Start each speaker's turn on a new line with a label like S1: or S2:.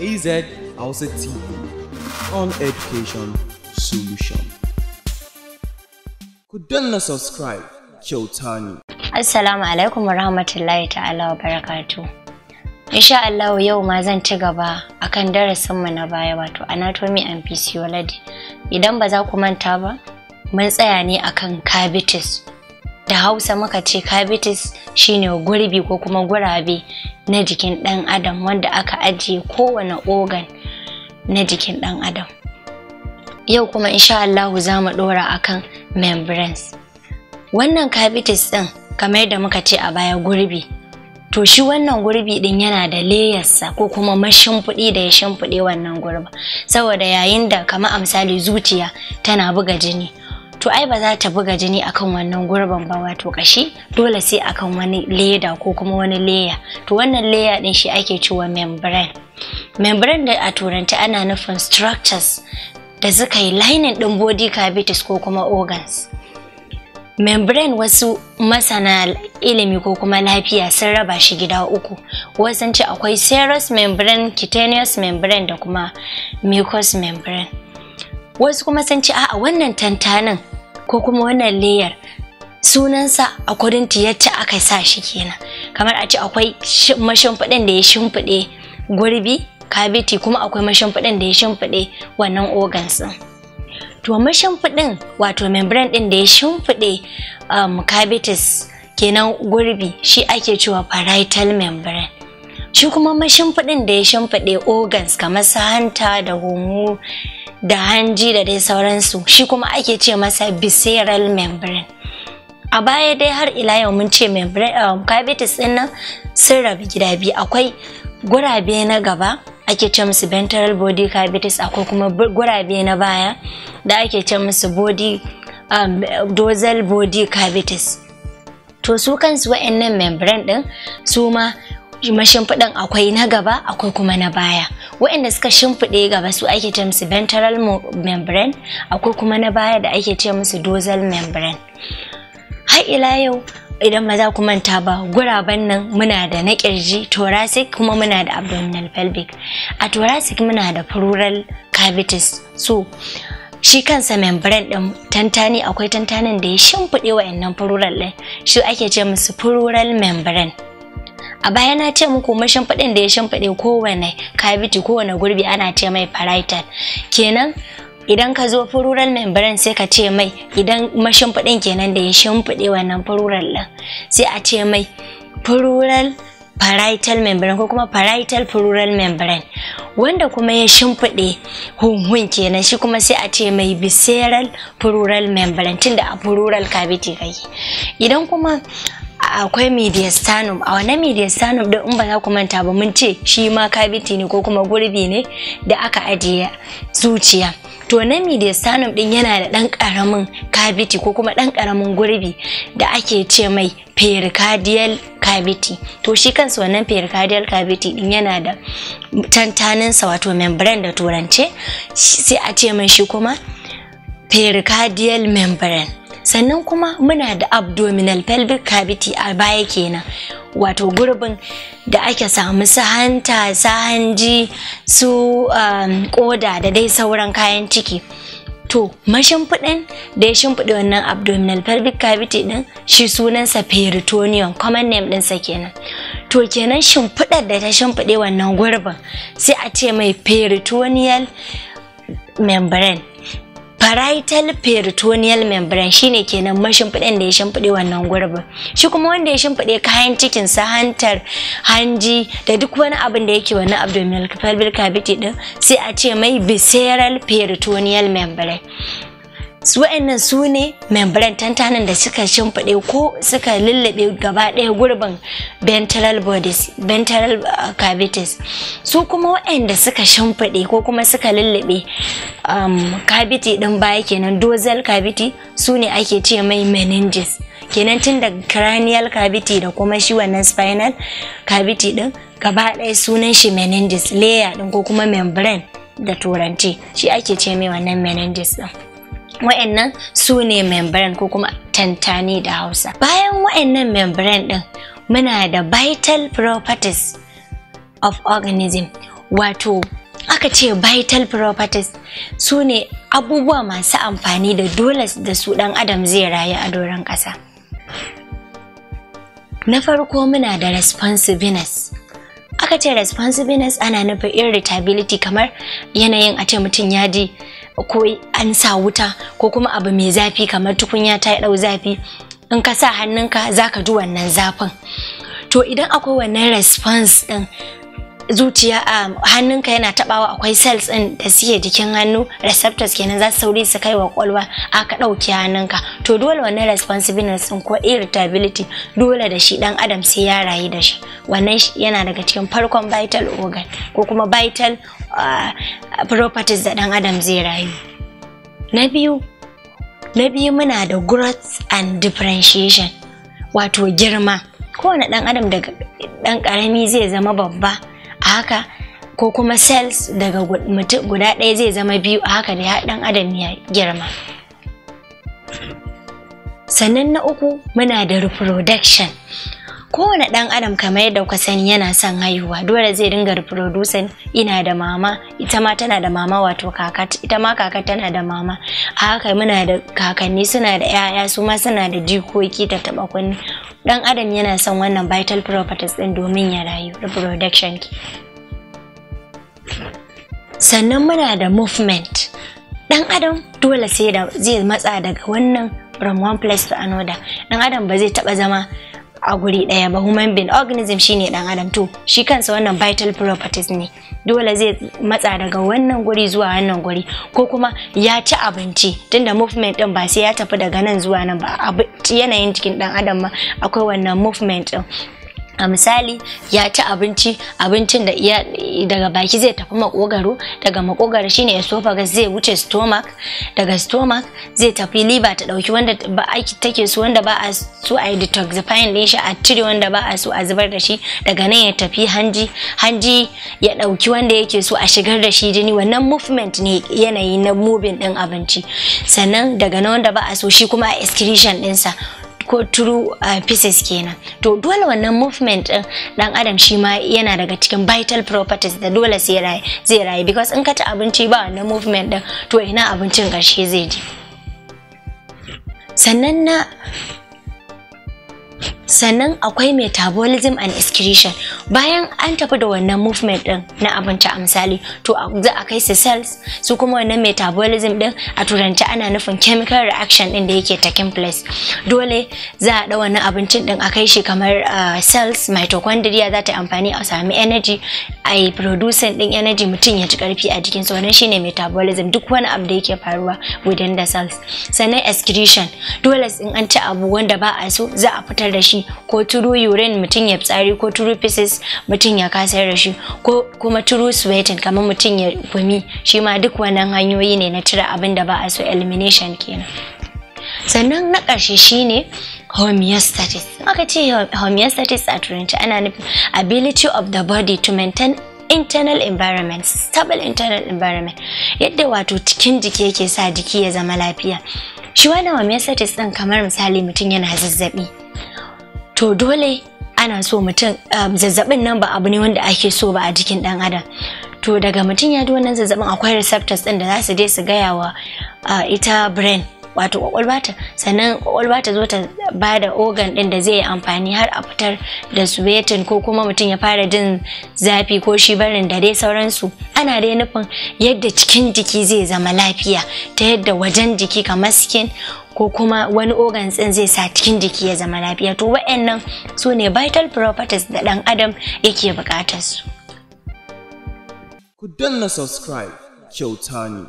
S1: AZ Hausa TV on Education Solution. Ku danna subscribe kyauta ne. Assalamu alaikum wa rahmatullahi ta'ala wa barakatu. Insha Allah yau ma zan ci gaba akan darasin mu na baya wato anatomy and physiology. Idan ba za ku manta ba, mun tsaya ne akan cavities da hausa muka ce cavities shine gurbi ko kuma gurabe na jikin ɗan adam wanda aka ajiye kowane organ na jikin ɗan adam yau kuma insha Allah za mu ɗora akan membranes wannan cavities ɗin kamar da muka ce a baya gurbi to shi wannan gurbi din yana da layarsa ko kuma mashimfiɗi da ya shimfiɗe wannan gurbi, saboda yayin da kama a misali zuciya tana buga jini to ai ba za ta buga jini akan wannan gurbin ba wato kashi dole sai akan wani leda ko kuma wani leya to wannan leya din shi ake cewa membrane membrane da a turanci ana nufin structures da suka yi lining din body cavities ko kuma organs membrane wasu masana ilimi ko kuma lafiya sun raba shi gida uku wasu ce akwai serous membrane cutaneous membrane da kuma mucous membrane wasu kuma sun ce a'a wannan tantanin ko kuma wannan layar sunansa a kudinta yadda aka sa shi kenan kamar a ce akwai mashimfiɗin da ya shimfiɗe gurbi kabiti kuma akwai mashimfiɗin da ya shimfiɗe wannan organs ɗin to mashimfiɗin wato membrane ɗin da ya shimfiɗe um, cavities kenan gurbi shi ake cewa parietal membrane shi kuma mashimfiɗin da ya shimfiɗe organs kamar su hanta da homo da hanji da dai sauransu shi kuma ake ce masa visceral membrane a baya dai har ila yau mun ce cavities um, din nan sun rabu gida biyu akwai gurabe na gaba ake ce musu ventral body cavities akwai kuma gurabe na baya da ake ce musu body um, dorsal body cavities to su kansu wa'annan membrane din su ma mashimfiɗin akwai na gaba akwai kuma na baya waɗanda suka shimfiɗe gaba su ake ce musu ventral membrane akwai kuma na baya da ake ce musu dorsal membrane har ila yau idan maza ku manta ba guraben nan muna da na ƙirji thoracic kuma muna da abdominal pelvic a thoracic muna da pleural cavities so shi kansa membrane din tantani akwai tantanin da ya shimfiɗe wa'annan pleural din shi ake ce musu pleural membrane a baya na ce muku mashimfiɗin da ya shimfiɗe kowane kabiti kowane gurbi ana ce mai parietal kenan idan ka zo furural membrane sai ka ce mai idan mashimfiɗin kenan da ya shimfiɗe wannan furural ɗin sai a ce mai furural parietal membrane ko kuma parietal furural membrane wanda kuma ya shimfiɗe hunhun kenan shi kuma sai a ce mai visceral furural membrane tunda a furural cavity kai idan kuma akwai mediastinum a wannan mediastinum din in ba za ku manta ba mun ce shi ma kabiti ne ko kuma gurbi ne da aka ajiye zuciya to na mediastinum din yana da dan karamin kabiti ko kuma dan karamin gurbi da ake ce mai pericardial cavity to shi kansu wannan pericardial cavity din yana da tantaninsa wato membrane da turance sai a ce mai shi kuma pericardial membrane sannan kuma muna da abdominal pelvic cavity a baya kenan wato gurbin da ake samu su hanta su hanji su koda um, da dai sauran kayan ciki to mashimfiɗin da ya shimfiɗa wannan abdominal pelvic cavity din shi sunansa peritoneum common name ɗinsa kenan to kenan shimfiɗar da ta shimfiɗe wannan gurbin sai a ce mai peritoneal membrane parietal peritoneal membrane shine kenan mashimfiɗin da ya shimfiɗe wannan gurbin shi kuma wanda ya shimfiɗe kayan cikin sa hantar hanji da duk wani abin da yake wannan abdominal pelvic cavity din sai a ce mai visceral peritoneal membrane su wa'annan su ne membran tantanin da suka shimfiɗe ko suka lullaɓe gaba ɗaya gurbin ventral bodies ventral uh, cavities su kuma wa'anda suka shimfiɗe ko kuma suka lullube um, cavity ɗin baya kenan dozal cavity su ne ake ce mai meninges kenan tun da cranial cavity da kuma shi wannan spinal cavity ɗin gaba ɗaya sunan shi meninges layer ɗin ko kuma membrane da turanci shi ake ce mai wannan meninges ɗin wa'annan su ne membrane ko kuma tantani da hausa bayan wa'annan membrane din muna da vital properties of organism wato aka ce vital properties su ne abubuwa masu amfani da dole da su dan adam zai rayu a doron ƙasa na farko muna da responsiveness aka ce responsiveness ana nufin irritability kamar yanayin a ce mutum ya ji ko an sa wuta ko kuma abu mai zafi kamar tukunya ta ɗau zafi in ka sa hannunka za ka ji wannan zafin to idan akwai wannan response ɗin zuciya a hannunka yana tabawa akwai cells ɗin da suke jikin hannu receptors kenan za su sauri su kai wa kwalwa aka ɗauki hannunka to dole wannan responsiveness ɗin ko irritability dole da shi ɗan adam sai ya rayu da shi wannan yana daga cikin farkon vital organ ko kuma vital Uh, properties da ɗan adam zai rayu na biyu na biyu muna da growth and differentiation wato girma kowane ɗan adam daga ɗan ƙarami zai zama babba a haka ko kuma cells daga guda ɗaya zai zama biyu a haka da ɗan adam ya girma sannan na uku muna da reproduction kowane ɗan adam kamar yadda kuka sani yana son haihuwa dole zai dinga reproducing ina da mama ita ma tana da mama wato kaka ita ma kaka tana da mama a haka muna da kakanni suna da yaya su ma suna da jikoki ta taba kunni ɗan adam yana son wannan vital properties din domin ya rayu reproduction ki sannan muna da movement ɗan adam dole sai da zai matsa daga wannan from one place to another ɗan adam ba zai taba zama a guri ɗaya ba human being organism shine dan adam to shi kansa wannan vital properties ne dole zai matsa daga wannan guri zuwa wannan guri ko kuma ya ci abinci tunda movement din ba sai ya tafi daga nan zuwa nan ba yanayin cikin dan adam ma akwai wannan movement ɗin a misali ya ci abinci abincin da iya daga baki zai tafi makogaro daga makogaro shine esophagus zai wuce stomach daga stomach zai tafi liver ta dauki wanda ba aiki take su wanda ba a su a detoxifying din shi a cire wanda ba a su a zubar da shi daga nan ya tafi hanji hanji ya dauki wanda yake so a shigar da shi jini wannan movement ne yanayi na moving din abinci sannan daga nan wanda ba a so shi kuma a excretion dinsa ko true eh, a pieces kenan to dole wannan movement din dan adam shi ma yana daga cikin vital properties da dole sai rai zai raye because in ka ci abinci ba wannan movement din to ina abincin karshe zai je sannan na sannan akwai metabolism and excretion bayan an tafi da wannan movement din na abinci a misali to za a kai su cells su kuma wannan metabolism din a turanci ana nufin chemical reaction din da yake taking place dole za a da wannan abincin din a kai shi kamar ah, cells mitochondria za ta amfani a sami energy ai producing din energy mutum ya ji karfi a jikin sa wannan shine metabolism duk wani abu da yake faruwa within the cells sannan excretion dole in an ci abu wanda ba a so za a fitar da shi ko turu urine mutum ya tsari ko turu feces mutum ya kasar da shi ko kuma turu sweating kamar mutum ya gumi shi ma duk wannan hanyoyi ne na cire abin da ba a so elimination kenan sannan na ƙarshe shine homeostasis aka ce homeostasis a turanci ana nufin ability of the body to maintain internal environment stable internal environment yadda wato cikin jiki yake sa jiki ya zama lafiya shi wannan homeostasis din kamar misali mutum yana zazzabi to dole ana so mutum um, zazzabin nan ba abu ne wanda ake so ba a jikin dan adam to daga mutum ya ji wannan zazzabin akwai receptors din da za su je su gaya wa uh, ita brain wato kwakwalwa ta sannan kwakwalwa ta zo ta ba da organ din da zai yi amfani har a fitar da sweating ko kuma mutum ya fara jin zafi ko shi barin da dai sauransu ana dai nufin yadda cikin jiki zai zama lafiya ta yadda wajen jiki kamar skin ko kuma wani organ tsin zai sa cikin jiki ya zama lafiya to wa'annan su ne vital properties da dan adam yake bukatar su ku danna subscribe kyauta ne